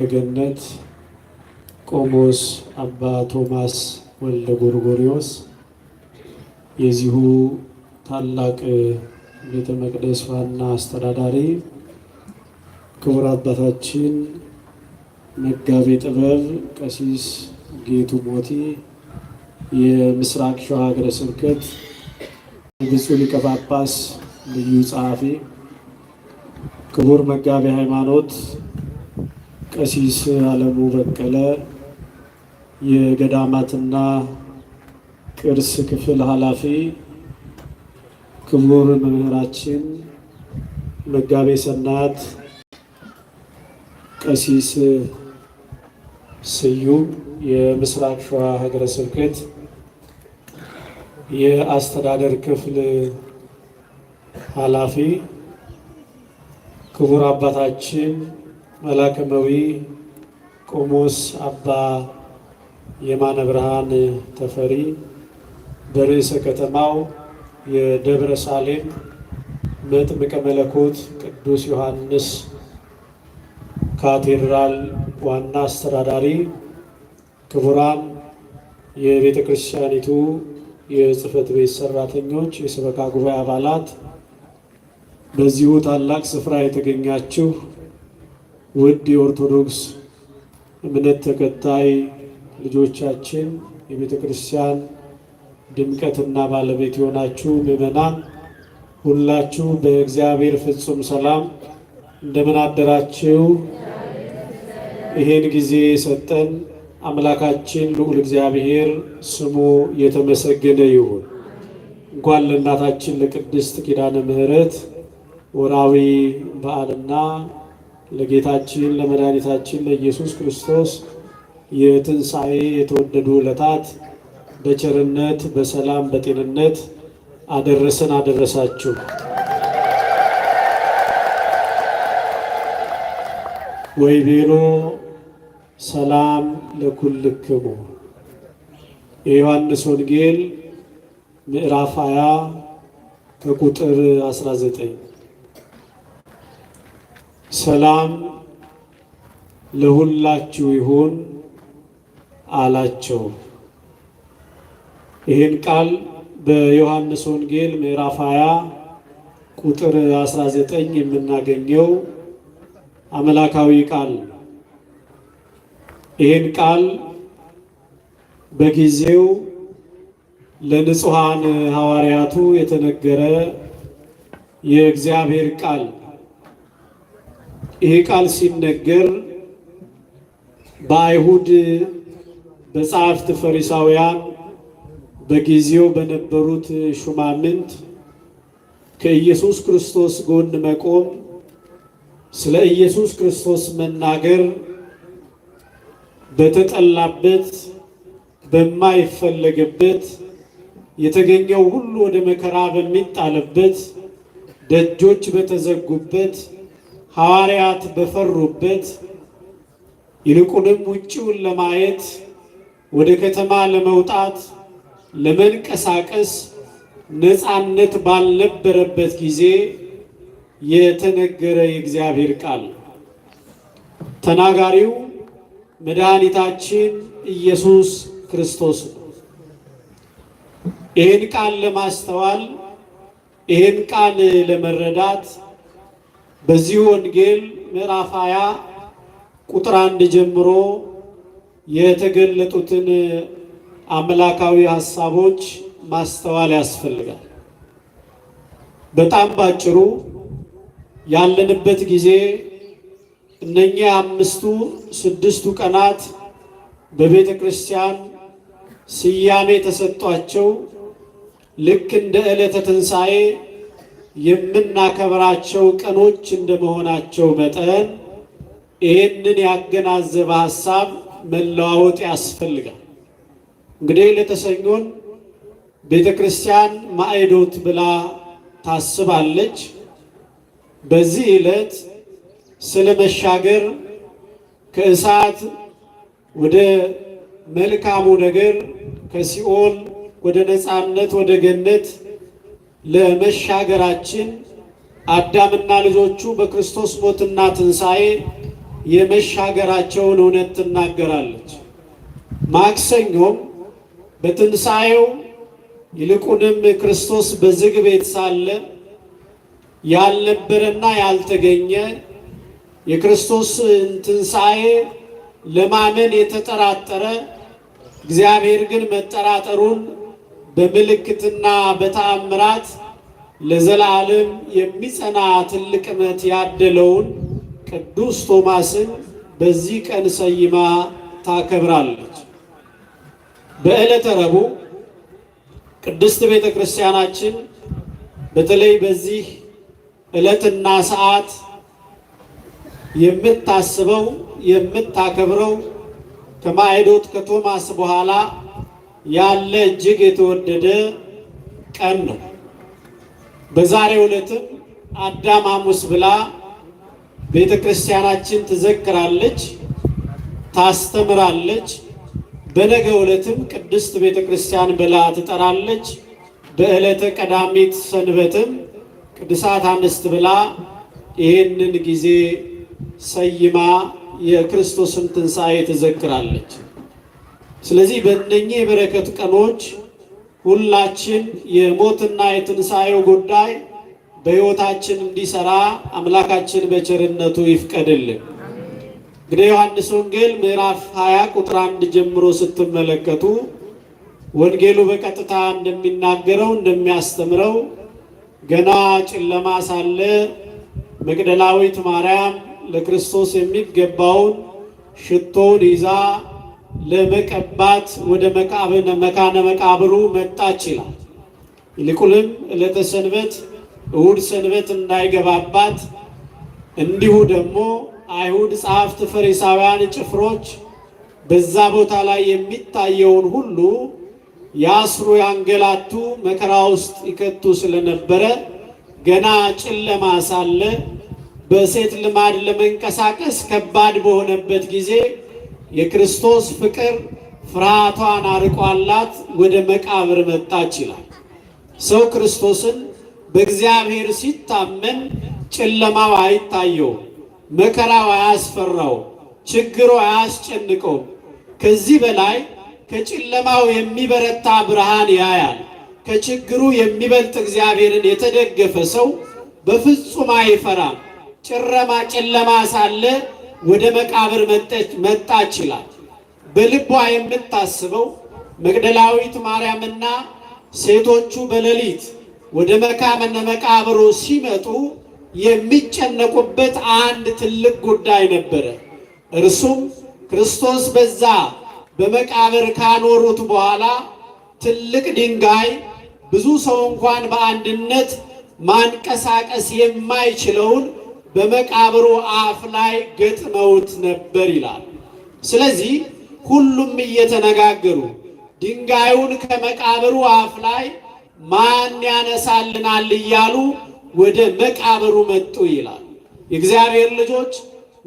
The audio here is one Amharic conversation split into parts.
የገነት ቆሞስ አባ ቶማስ ወልደ ጎርጎሪዎስ የዚሁ ታላቅ ቤተ መቅደስ ዋና አስተዳዳሪ ክቡር አባታችን መጋቤ ጥበብ ቀሲስ ጌቱ ሞቲ የምስራቅ ሸዋ ሀገረ ስብከት ብፁዕ ሊቀ ጳጳስ ልዩ ጸሐፊ ክቡር መጋቤ ሃይማኖት ቀሲስ አለሙ በቀለ የገዳማትና ቅርስ ክፍል ኃላፊ፣ ክቡር መምህራችን መጋቤ ሰናት ቀሲስ ስዩም የምስራቅ ሸዋ ሀገረ ስብከት የአስተዳደር ክፍል ኃላፊ፣ ክቡር አባታችን መላከመዊ ቆሞስ አባ የማነ ብርሃን ተፈሪ በርዕሰ ከተማው የደብረ ሳሌም መጥምቀ መለኮት ቅዱስ ዮሐንስ ካቴድራል ዋና አስተዳዳሪ፣ ክቡራን የቤተ ክርስቲያኒቱ የጽህፈት ቤት ሰራተኞች፣ የሰበካ ጉባኤ አባላት፣ በዚሁ ታላቅ ስፍራ የተገኛችሁ ውድ የኦርቶዶክስ እምነት ተከታይ ልጆቻችን የቤተ ክርስቲያን ድምቀትና ባለቤት የሆናችሁ ምዕመናን ሁላችሁ በእግዚአብሔር ፍጹም ሰላም እንደምን አደራችሁ? ይሄን ጊዜ የሰጠን አምላካችን ልዑል እግዚአብሔር ስሙ የተመሰገነ ይሁን። እንኳን ለእናታችን ለቅድስት ኪዳነ ምሕረት ወራዊ በዓልና ለጌታችን ለመድኃኒታችን ለኢየሱስ ክርስቶስ የትንሣኤ የተወደዱ ዕለታት በቸርነት በሰላም በጤንነት አደረሰን አደረሳችሁ። ወይ ቤሎ ሰላም ለኩልክሙ የዮሐንስ ወንጌል ምዕራፍ 20 ከቁጥር 19 ሰላም ለሁላችሁ ይሁን አላቸው። ይህን ቃል በዮሐንስ ወንጌል ምዕራፍ 20 ቁጥር 19 የምናገኘው አምላካዊ ቃል ይህን ቃል በጊዜው ለንጹሐን ሐዋርያቱ የተነገረ የእግዚአብሔር ቃል ይሄ ቃል ሲነገር በአይሁድ በጸሐፍት ፈሪሳውያን በጊዜው በነበሩት ሹማምንት ከኢየሱስ ክርስቶስ ጎን መቆም፣ ስለ ኢየሱስ ክርስቶስ መናገር በተጠላበት በማይፈለግበት የተገኘው ሁሉ ወደ መከራ በሚጣልበት ደጆች በተዘጉበት ሐዋርያት በፈሩበት ይልቁንም ውጭውን ለማየት ወደ ከተማ ለመውጣት ለመንቀሳቀስ ነፃነት ባልነበረበት ጊዜ የተነገረ የእግዚአብሔር ቃል ተናጋሪው መድኃኒታችን ኢየሱስ ክርስቶስ ነው። ይህን ቃል ለማስተዋል ይህን ቃል ለመረዳት በዚህ ወንጌል ምዕራፍ 20 ቁጥር አንድ ጀምሮ የተገለጡትን አምላካዊ ሀሳቦች ማስተዋል ያስፈልጋል። በጣም ባጭሩ ያለንበት ጊዜ እነኛ አምስቱ ስድስቱ ቀናት በቤተ ክርስቲያን ስያሜ ተሰጧቸው ልክ እንደ ዕለተ ትንሣኤ የምናከብራቸው ቀኖች እንደመሆናቸው መጠን ይህንን ያገናዘበ ሀሳብ መለዋወጥ ያስፈልጋል። እንግዲህ ለተሰኞን ቤተ ክርስቲያን ማዕዶት ብላ ታስባለች። በዚህ ዕለት ስለ መሻገር ከእሳት ወደ መልካሙ ነገር ከሲኦል ወደ ነፃነት ወደ ገነት ለመሻገራችን አዳምና ልጆቹ በክርስቶስ ሞትና ትንሣኤ የመሻገራቸውን እውነት ትናገራለች። ማክሰኞም በትንሣኤው ይልቁንም ክርስቶስ በዝግ ቤት ሳለ ያልነበረና ያልተገኘ የክርስቶስን ትንሣኤ ለማመን የተጠራጠረ እግዚአብሔር ግን መጠራጠሩን በምልክትና በተአምራት ለዘላለም የሚጸና ትልቅ እምነት ያደለውን ቅዱስ ቶማስን በዚህ ቀን ሰይማ ታከብራለች። በዕለተ ረቡዕ ቅድስት ቤተ ክርስቲያናችን በተለይ በዚህ ዕለትና ሰዓት የምታስበው የምታከብረው ከማዕዶት ከቶማስ በኋላ ያለ እጅግ የተወደደ ቀን ነው። በዛሬው ዕለትም አዳም ሐሙስ ብላ ቤተ ክርስቲያናችን ትዘክራለች፣ ታስተምራለች። በነገ ዕለትም ቅድስት ቤተ ክርስቲያን ብላ ትጠራለች። በዕለተ ቀዳሚት ሰንበትም ቅዱሳት አንስት ብላ ይህንን ጊዜ ሰይማ የክርስቶስን ትንሣኤ ትዘክራለች። ስለዚህ በእነኚህ የበረከት ቀኖች ሁላችን የሞትና የትንሣኤው ጉዳይ በሕይወታችን እንዲሰራ አምላካችን በቸርነቱ ይፍቀድልን። እንግዲህ ዮሐንስ ወንጌል ምዕራፍ 20 ቁጥር 1 ጀምሮ ስትመለከቱ ወንጌሉ በቀጥታ እንደሚናገረው እንደሚያስተምረው ገና ጨለማ ሳለ መግደላዊት ማርያም ለክርስቶስ የሚገባውን ሽቶውን ይዛ ለመቀባት ወደ መካነ መቃብሩ መጣች ይላል። ይልቁንም ዕለተ ሰንበት እሁድ ሰንበት እንዳይገባባት እንዲሁ ደግሞ አይሁድ ጸሐፍት፣ ፈሪሳውያን ጭፍሮች በዛ ቦታ ላይ የሚታየውን ሁሉ ያስሩ፣ ያንገላቱ፣ መከራ ውስጥ ይከቱ ስለነበረ ገና ጨለማ ሳለ በሴት ልማድ ለመንቀሳቀስ ከባድ በሆነበት ጊዜ የክርስቶስ ፍቅር ፍርሃቷን አርቋላት ወደ መቃብር መጣች ይላል። ሰው ክርስቶስን በእግዚአብሔር ሲታመን ጨለማው አይታየውም፣ መከራው አያስፈራው፣ ችግሩ አያስጨንቀውም። ከዚህ በላይ ከጨለማው የሚበረታ ብርሃን ያያል። ከችግሩ የሚበልጥ እግዚአብሔርን የተደገፈ ሰው በፍጹም አይፈራም። ጭረማ ጨለማ ሳለ ወደ መቃብር መጣች ይላል። በልቧ የምታስበው መግደላዊት ማርያምና ሴቶቹ በሌሊት ወደ መካመነ መቃብሩ ሲመጡ የሚጨነቁበት አንድ ትልቅ ጉዳይ ነበረ። እርሱም ክርስቶስ በዛ በመቃብር ካኖሩት በኋላ ትልቅ ድንጋይ ብዙ ሰው እንኳን በአንድነት ማንቀሳቀስ የማይችለውን በመቃብሩ አፍ ላይ ገጥመውት ነበር ይላል። ስለዚህ ሁሉም እየተነጋገሩ ድንጋዩን ከመቃብሩ አፍ ላይ ማን ያነሳልናል እያሉ ወደ መቃብሩ መጡ ይላል። የእግዚአብሔር ልጆች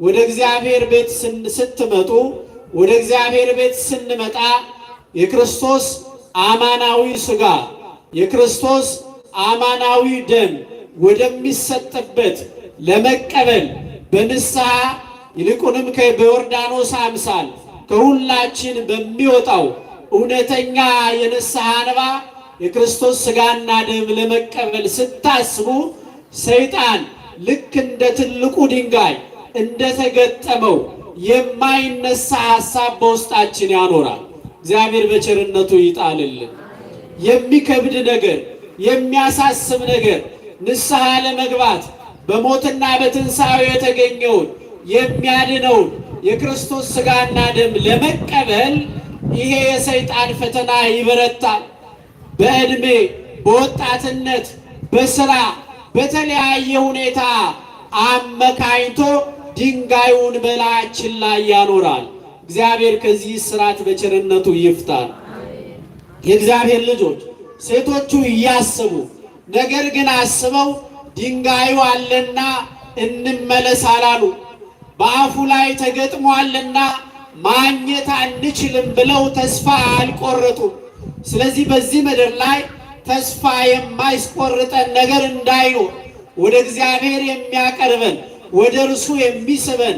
ወደ እግዚአብሔር ቤት ስትመጡ፣ ወደ እግዚአብሔር ቤት ስንመጣ የክርስቶስ አማናዊ ሥጋ የክርስቶስ አማናዊ ደም ወደሚሰጥበት ለመቀበል በንስሐ ይልቁንም በዮርዳኖስ አምሳል ከሁላችን በሚወጣው እውነተኛ የንስሐ እንባ የክርስቶስ ሥጋና ደም ለመቀበል ስታስቡ ሰይጣን ልክ እንደ ትልቁ ድንጋይ እንደተገጠመው የማይነሳ ሐሳብ በውስጣችን ያኖራል። እግዚአብሔር በቸርነቱ ይጣልልን። የሚከብድ ነገር፣ የሚያሳስብ ነገር ንስሐ ለመግባት በሞትና በትንሣኤ የተገኘውን የሚያድነውን የክርስቶስ ሥጋና ደም ለመቀበል ይሄ የሰይጣን ፈተና ይበረታል። በዕድሜ፣ በወጣትነት፣ በስራ በተለያየ ሁኔታ አመካኝቶ ድንጋዩን በላያችን ላይ ያኖራል። እግዚአብሔር ከዚህ ስራት በቸርነቱ ይፍታል። የእግዚአብሔር ልጆች ሴቶቹ እያስቡ ነገር ግን አስበው ድንጋዩ አለና እንመለስ አላሉ። በአፉ ላይ ተገጥሟልና ማግኘት አንችልም ብለው ተስፋ አልቆረጡም። ስለዚህ በዚህ ምድር ላይ ተስፋ የማይስቆርጠን ነገር እንዳይኖር ወደ እግዚአብሔር የሚያቀርበን ወደ እርሱ የሚስበን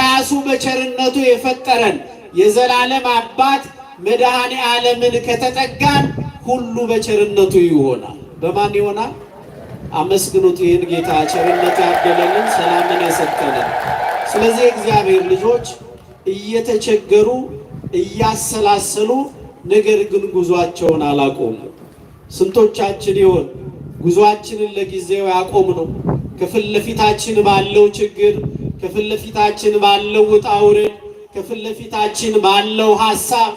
ራሱ በቸርነቱ የፈጠረን የዘላለም አባት መድኃኔ ዓለምን ከተጠጋን ሁሉ በቸርነቱ ይሆናል። በማን ይሆናል? አመስግኑት ይህን ጌታ ቸርነት ያደለልን ሰላምን የሰጠንን። ስለዚህ እግዚአብሔር ልጆች እየተቸገሩ እያሰላሰሉ፣ ነገር ግን ጉዟቸውን አላቆሙ። ስንቶቻችን ይሆን ጉዟችንን ለጊዜው ያቆም ነው? ከፊት ለፊታችን ባለው ችግር፣ ከፊት ለፊታችን ባለው ውጣ ውረድ፣ ከፊት ለፊታችን ባለው ሀሳብ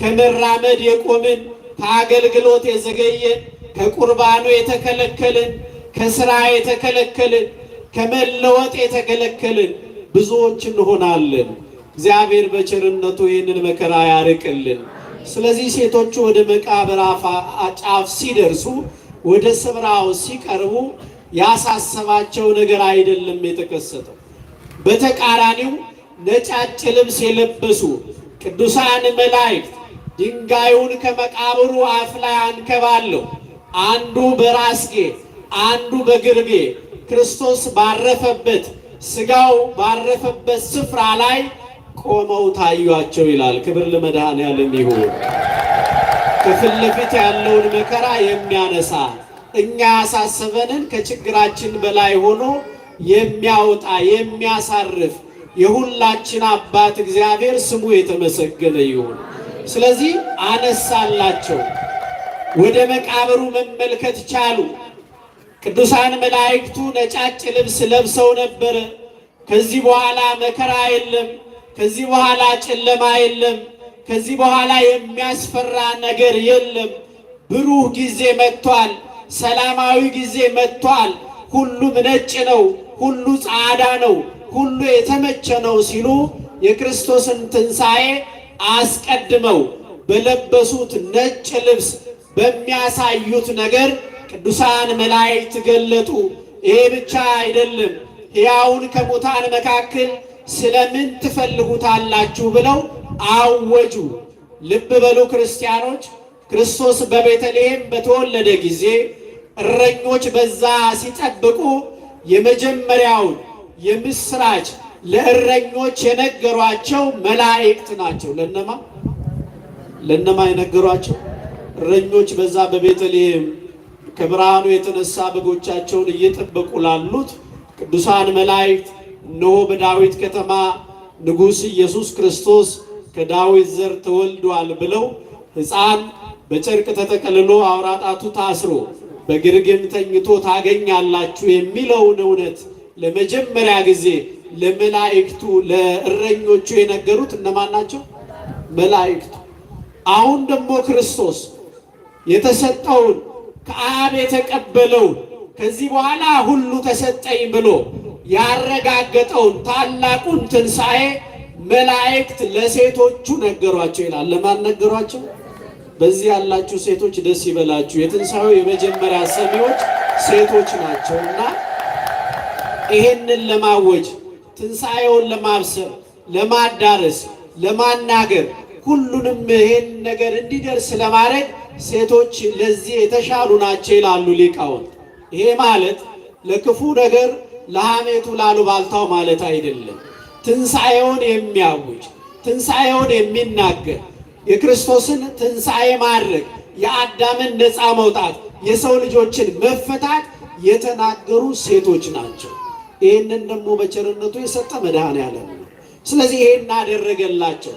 ከመራመድ የቆምን ከአገልግሎት የዘገየን ከቁርባኑ የተከለከልን፣ ከስራ የተከለከልን፣ ከመለወጥ የተከለከልን ብዙዎች እንሆናለን። እግዚአብሔር በቸርነቱ ይህንን መከራ ያርቅልን። ስለዚህ ሴቶቹ ወደ መቃብር ጫፍ ሲደርሱ ወደ ስብራው ሲቀርቡ ያሳሰባቸው ነገር አይደለም የተከሰተው። በተቃራኒው ነጫጭ ልብስ የለበሱ ቅዱሳን መላእክት ድንጋዩን ከመቃብሩ አፍ ላይ አንከባለሁ አንዱ በራስጌ አንዱ በግርጌ ክርስቶስ ባረፈበት ስጋው ባረፈበት ስፍራ ላይ ቆመው ታዩአቸው ይላል። ክብር ለመድኃኔዓለም ይሁን። ከፊት ለፊት ያለውን መከራ የሚያነሳ እኛ ያሳሰበንን ከችግራችን በላይ ሆኖ የሚያወጣ የሚያሳርፍ የሁላችን አባት እግዚአብሔር ስሙ የተመሰገነ ይሁን። ስለዚህ አነሳላቸው። ወደ መቃብሩ መመልከት ቻሉ። ቅዱሳን መላእክቱ ነጫጭ ልብስ ለብሰው ነበረ። ከዚህ በኋላ መከራ የለም፣ ከዚህ በኋላ ጨለማ የለም፣ ከዚህ በኋላ የሚያስፈራ ነገር የለም። ብሩህ ጊዜ መጥቷል። ሰላማዊ ጊዜ መጥቷል። ሁሉም ነጭ ነው፣ ሁሉ ጻዳ ነው፣ ሁሉ የተመቸ ነው ሲሉ የክርስቶስን ትንሣኤ አስቀድመው በለበሱት ነጭ ልብስ በሚያሳዩት ነገር ቅዱሳን መላእክት ገለጡ። ይሄ ብቻ አይደለም፣ ሕያውን ከሙታን መካከል ስለምን ትፈልጉታላችሁ ብለው አወጁ። ልብ በሉ ክርስቲያኖች፣ ክርስቶስ በቤተልሔም በተወለደ ጊዜ እረኞች በዛ ሲጠብቁ የመጀመሪያውን የምስራች ለእረኞች የነገሯቸው መላእክት ናቸው። ለነማ ለነማ የነገሯቸው እረኞች በዛ በቤተልሔም ከብርሃኑ የተነሳ በጎቻቸውን እየጠበቁ ላሉት ቅዱሳን መላእክት እነሆ በዳዊት ከተማ ንጉሥ ኢየሱስ ክርስቶስ ከዳዊት ዘር ተወልዷል ብለው ሕፃን በጨርቅ ተጠቅልሎ አውራ ጣቱ ታስሮ በግርግም ተኝቶ ታገኛላችሁ የሚለውን እውነት ለመጀመሪያ ጊዜ ለመላእክቱ ለእረኞቹ የነገሩት እነማን ናቸው? መላእክቱ። አሁን ደግሞ ክርስቶስ የተሰጠውን ከአብ የተቀበለው ከዚህ በኋላ ሁሉ ተሰጠኝ ብሎ ያረጋገጠውን ታላቁን ትንሣኤ መላእክት ለሴቶቹ ነገሯቸው ይላል። ለማን ነገሯቸው? በዚህ ያላችሁ ሴቶች ደስ ይበላችሁ። የትንሣኤው የመጀመሪያ ሰሚዎች ሴቶች ናቸውና ይሄንን ለማወጅ ትንሣኤውን ለማብሰር፣ ለማዳረስ፣ ለማናገር ሁሉንም ይህን ነገር እንዲደርስ ለማድረግ ሴቶች ለዚህ የተሻሉ ናቸው ይላሉ ሊቃውንት። ይሄ ማለት ለክፉ ነገር ለሐሜቱ ባልታው ማለት አይደለም። ትንሣኤውን የሚያውጅ ትንሣኤውን የሚናገር የክርስቶስን ትንሣኤ ማድረግ የአዳምን ነፃ መውጣት የሰው ልጆችን መፈታት የተናገሩ ሴቶች ናቸው። ይህንን ደግሞ በቸርነቱ የሰጠ መድኃኔ ዓለም ነው። ስለዚህ ይሄን አደረገላቸው።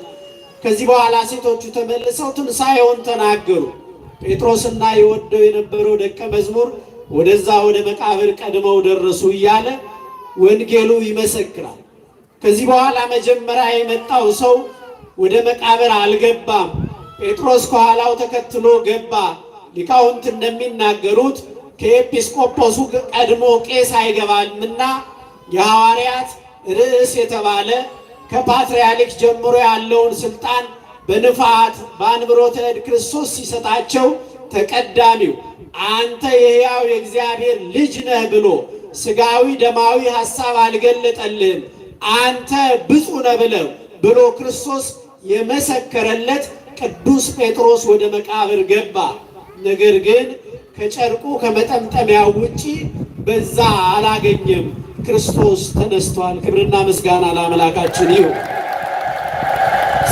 ከዚህ በኋላ ሴቶቹ ተመልሰው ትንሣኤውን ተናገሩ። ጴጥሮስና የወደው የነበረው ደቀ መዝሙር ወደዛ ወደ መቃብር ቀድመው ደረሱ እያለ ወንጌሉ ይመሰክራል። ከዚህ በኋላ መጀመሪያ የመጣው ሰው ወደ መቃብር አልገባም። ጴጥሮስ ከኋላው ተከትሎ ገባ። ሊቃውንት እንደሚናገሩት ከኤጲስቆጶሱ ቀድሞ ቄስ አይገባምና የሐዋርያት ርዕስ የተባለ ከፓትርያርክ ጀምሮ ያለውን ስልጣን በንፋት በአንብሮተ እድ ክርስቶስ ሲሰጣቸው ተቀዳሚው አንተ የሕያው የእግዚአብሔር ልጅ ነህ ብሎ ስጋዊ ደማዊ ሐሳብ አልገለጠልህም። አንተ ብፁዕ ነህ ብለው ብሎ ክርስቶስ የመሰከረለት ቅዱስ ጴጥሮስ ወደ መቃብር ገባ። ነገር ግን ከጨርቁ ከመጠምጠሚያው ውጪ በዛ አላገኘም። ክርስቶስ ተነስቷል። ክብርና ምስጋና ለአምላካችን ይሁን።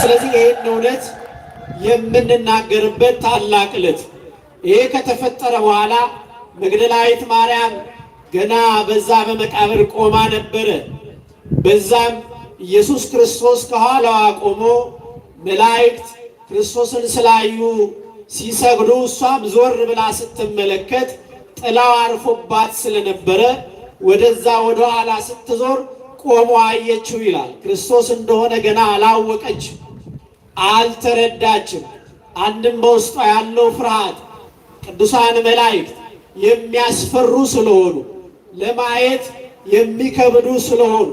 ስለዚህ ይህን እውነት የምንናገርበት ታላቅ ዕለት ይሄ ከተፈጠረ በኋላ መግደላዊት ማርያም ገና በዛ በመቃብር ቆማ ነበረ። በዛም ኢየሱስ ክርስቶስ ከኋላዋ ቆሞ መላእክት ክርስቶስን ስላዩ ሲሰግዱ እሷም ዞር ብላ ስትመለከት ጥላው አርፎባት ስለነበረ ወደዛ ወደኋላ ስትዞር ቆሞ አየችው ይላል። ክርስቶስ እንደሆነ ገና አላወቀችም፣ አልተረዳችም። አንድም በውስጧ ያለው ፍርሃት ቅዱሳን መላእክት የሚያስፈሩ ስለሆኑ ለማየት የሚከብዱ ስለሆኑ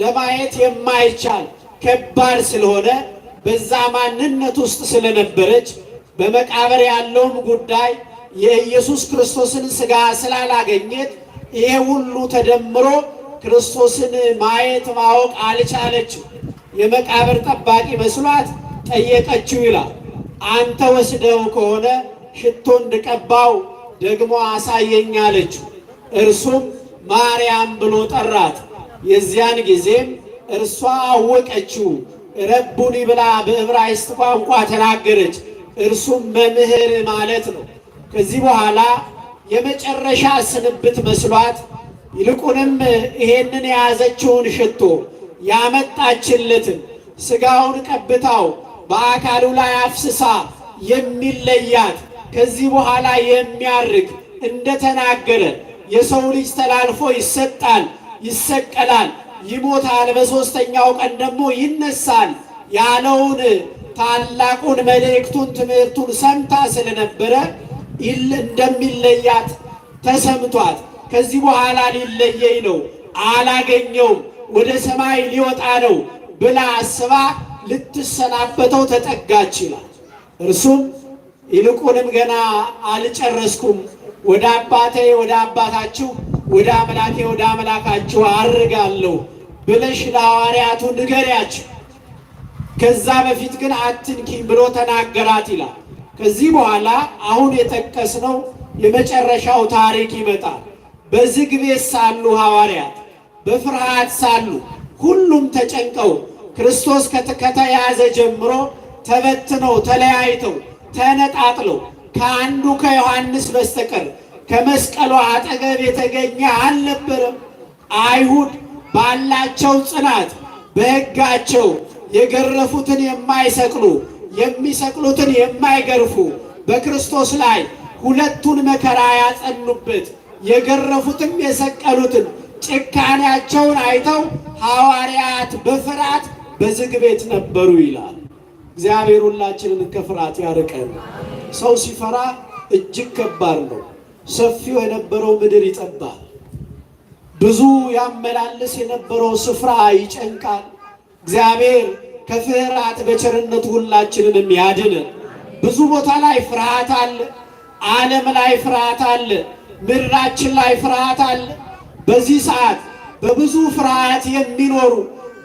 ለማየት የማይቻል ከባድ ስለሆነ በዛ ማንነት ውስጥ ስለነበረች በመቃብር ያለውም ጉዳይ የኢየሱስ ክርስቶስን ሥጋ ስላላገኘት ይሄ ሁሉ ተደምሮ ክርስቶስን ማየት ማወቅ አልቻለችው። የመቃብር ጠባቂ መስሏት ጠየቀችው ይላል። አንተ ወስደው ከሆነ ሽቶ እንድቀባው ደግሞ አሳየኝ አለችው። እርሱም ማርያም ብሎ ጠራት። የዚያን ጊዜም እርሷ አወቀችው፣ ረቡኒ ብላ በዕብራይስጥ ቋንቋ ተናገረች። እርሱም መምህር ማለት ነው። ከዚህ በኋላ የመጨረሻ ስንብት መስሏት ይልቁንም ይሄንን የያዘችውን ሽቶ ያመጣችለትን ስጋውን ቀብታው በአካሉ ላይ አፍስሳ የሚለያት ከዚህ በኋላ የሚያርግ እንደተናገረ የሰው ልጅ ተላልፎ ይሰጣል፣ ይሰቀላል፣ ይሞታል፣ በሦስተኛው ቀን ደግሞ ይነሳል ያለውን ታላቁን መልእክቱን ትምህርቱን ሰምታ ስለነበረ እንደሚለያት ተሰምቷት ከዚህ በኋላ ሊለየኝ ነው አላገኘውም ወደ ሰማይ ሊወጣ ነው ብላ አስባ ልትሰናበተው ተጠጋች ይላል። እርሱም ይልቁንም ገና አልጨረስኩም፣ ወደ አባቴ ወደ አባታችሁ ወደ አምላኬ ወደ አምላካችሁ አርጋለሁ ብለሽ ለሐዋርያቱ ንገሪያችሁ፣ ከዛ በፊት ግን አትንኪ ብሎ ተናገራት ይላል። ከዚህ በኋላ አሁን የጠቀስነው የመጨረሻው ታሪክ ይመጣል። በዝግ ቤት ሳሉ ሐዋርያት በፍርሃት ሳሉ ሁሉም ተጨንቀው ክርስቶስ ከተያዘ ጀምሮ ተበትነው ተለያይተው ተነጣጥለው ከአንዱ ከዮሐንስ በስተቀር ከመስቀሉ አጠገብ የተገኘ አልነበረም። አይሁድ ባላቸው ጽናት በሕጋቸው የገረፉትን የማይሰቅሉ የሚሰቅሉትን የማይገርፉ በክርስቶስ ላይ ሁለቱን መከራ ያጸኑበት የገረፉትም የሰቀሉትን ጭካኔያቸውን አይተው ሐዋርያት በፍርሃት በዝግ ቤት ነበሩ ይላል። እግዚአብሔር ሁላችንን ከፍርሃት ያርቀን። ሰው ሲፈራ እጅግ ከባድ ነው። ሰፊው የነበረው ምድር ይጠባል። ብዙ ያመላልስ የነበረው ስፍራ ይጨንቃል። እግዚአብሔር ከፍርሃት በቸርነቱ ሁላችንንም ያድን። ብዙ ቦታ ላይ ፍርሃት አለ። ዓለም ላይ ፍርሃት አለ። ምድራችን ላይ ፍርሃት አለ። በዚህ ሰዓት በብዙ ፍርሃት የሚኖሩ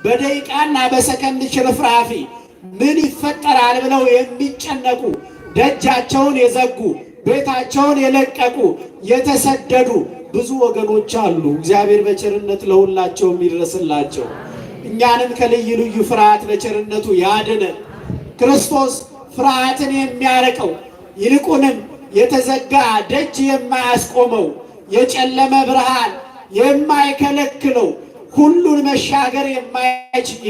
በደቂቃና በሰከንድ ሽርፍራፊ ምን ይፈጠራል ብለው የሚጨነቁ ደጃቸውን የዘጉ ቤታቸውን የለቀቁ የተሰደዱ ብዙ ወገኖች አሉ። እግዚአብሔር በቸርነት ለሁላቸው የሚደርስላቸው እኛንን ከልዩ ልዩ ፍርሃት ለቸርነቱ ያድነን። ክርስቶስ ፍርሃትን የሚያርቀው ይልቁንም የተዘጋ ደጅ የማያስቆመው የጨለመ ብርሃን የማይከለክለው ሁሉን መሻገር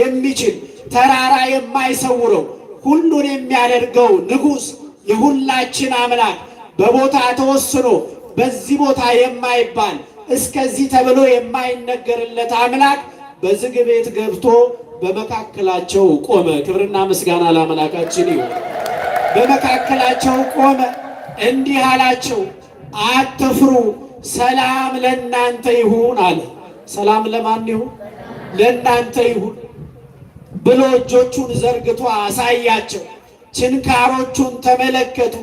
የሚችል ተራራ የማይሰውረው ሁሉን የሚያደርገው ንጉሥ የሁላችን አምላክ በቦታ ተወስኖ በዚህ ቦታ የማይባል እስከዚህ ተብሎ የማይነገርለት አምላክ በዝግ ቤት ገብቶ በመካከላቸው ቆመ። ክብርና ምስጋና ለአምላካችን ይሁን። በመካከላቸው ቆመ፣ እንዲህ አላቸው፣ አትፍሩ፣ ሰላም ለእናንተ ይሁን አለ። ሰላም ለማን ይሁን? ለእናንተ ይሁን ብሎ እጆቹን ዘርግቶ አሳያቸው። ችንካሮቹን ተመለከቱ።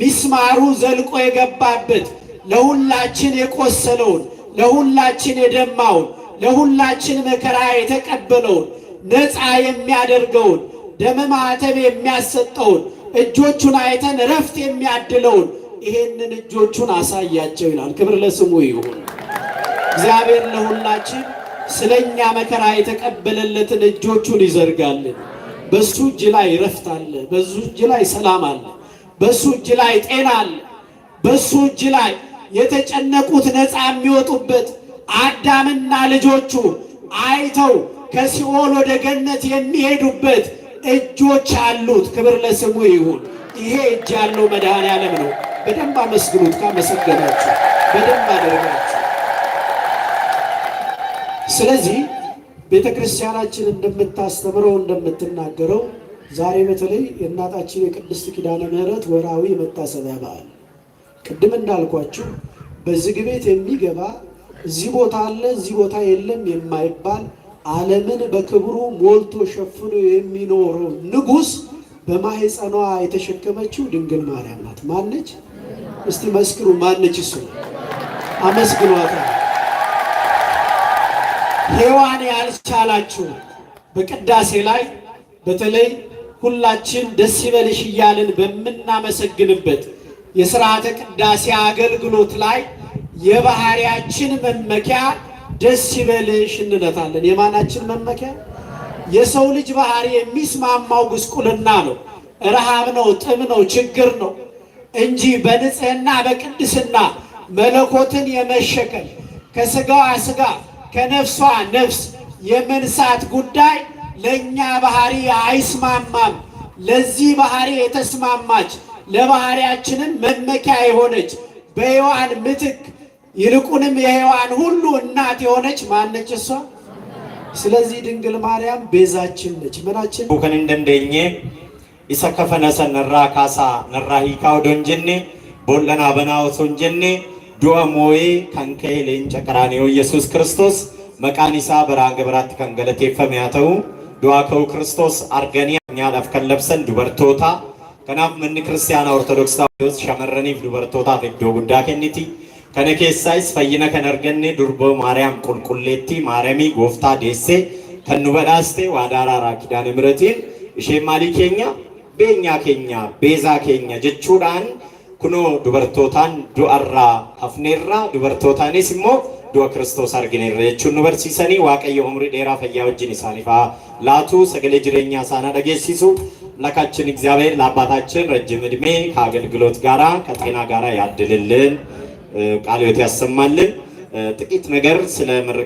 ሚስማሩ ዘልቆ የገባበት ለሁላችን የቆሰለውን ለሁላችን የደማውን ለሁላችን መከራ የተቀበለውን ነፃ የሚያደርገውን ደመ ማተብ የሚያሰጠውን እጆቹን አይተን እረፍት የሚያድለውን ይሄንን እጆቹን አሳያቸው ይላል። ክብር ለስሙ ይሁን። እግዚአብሔር ለሁላችን ስለኛ መከራ የተቀበለለትን እጆቹን ይዘርጋልን። በሱ እጅ ላይ እረፍት አለ። በሱ እጅ ላይ ሰላም አለ። በሱ እጅ ላይ ጤና አለ። በሱ እጅ ላይ የተጨነቁት ነፃ የሚወጡበት አዳምና ልጆቹ አይተው ከሲኦል ወደ ገነት የሚሄዱበት እጆች አሉት። ክብር ለስሙ ይሁን። ይሄ እጅ ያለው መድሃን ዓለም ነው። በደንብ አመስግኑት። ካመሰገናችሁ በደንብ አደርጋችሁ። ስለዚህ ቤተ ክርስቲያናችን እንደምታስተምረው እንደምትናገረው ዛሬ በተለይ የእናታችን የቅድስት ኪዳነ ምሕረት ወርሃዊ የመታሰቢያ በዓል ቅድም እንዳልኳችሁ በዝግ ቤት የሚገባ እዚህ ቦታ አለ እዚህ ቦታ የለም የማይባል ዓለምን በክብሩ ሞልቶ ሸፍኖ የሚኖረው ንጉሥ በማህፀኗ የተሸከመችው ድንግል ማርያም ናት። ማነች? እስቲ መስክሩ። ማነች? እሱ አመስግኗታ። ሔዋን ያልቻላችሁ በቅዳሴ ላይ በተለይ ሁላችን ደስ ይበልሽ እያልን በምናመሰግንበት የስርዓተ ቅዳሴ አገልግሎት ላይ የባህሪያችን መመኪያ ደስ ይበልሽ እንለታለን። የማናችን መመኪያ የሰው ልጅ ባህሪ የሚስማማው ጉስቁልና ነው፣ ረሃብ ነው፣ ጥም ነው፣ ችግር ነው እንጂ በንጽህና በቅድስና መለኮትን የመሸከል ከስጋዋ ስጋ ከነፍሷ ነፍስ የመንሳት ጉዳይ ለእኛ ባህሪ አይስማማም። ለዚህ ባህሪ የተስማማች ለባህሪያችንም መመኪያ የሆነች በሔዋን ምትክ ይልቁንም የሔዋን ሁሉ እናት የሆነች ማነች እሷ? ስለዚህ ድንግል ማርያም ቤዛችን ነች። ምናችን ከን እንደንደኘ ይሰከፈነሰ ነራ ካሳ ነራ ሂካው ዶንጀኔ ቦለና በናው ሶንጀኔ ዱአ ሞይ ከንከይ ሌንጨ ቀራኔው ኢየሱስ ክርስቶስ መቃኒሳ በራ ገብራት ከንገለቴ ፈሚያተው ዱአ ከው ክርስቶስ አርገኒ ኛ ከለብሰን ዱበርቶታ ከናፍ ምን ክርስቲያን ኦርቶዶክስ ታውስ ሸመረኒ ዱበርቶታ ፍዶ ጉዳከኒቲ ከነ ኬሳይስ ፈይነ ከነርገኔ ዱርቦ ማርያም ቁልቁሌቲ ማረሚ ጎፍታ ዴሴ ከኑበዳስቴ ዋዳራራ ኪዳነ ምሕረቲን እሼማሊ ኬኛ ቤኛ ኬኛ ቤዛ ኬኛ ጀቹዳን ኩኖ ዱበርቶታን ዱአራ ሀፍኔራ ዱበርቶታኔስ እሞ ዱአ ክርስቶስ አርግኔራ ጀቹን nu barsiisanii waaqayyo umrii dheeraa fayyaa wajjin isaaniif laatu sagalee jireenyaa isaanii አምላካችን እግዚአብሔር ለአባታችን ረጅም ዕድሜ ከአገልግሎት ጋራ ከጤና ጋራ ያድልልን። ቃልዮት ያሰማልን። ጥቂት ነገር ስለ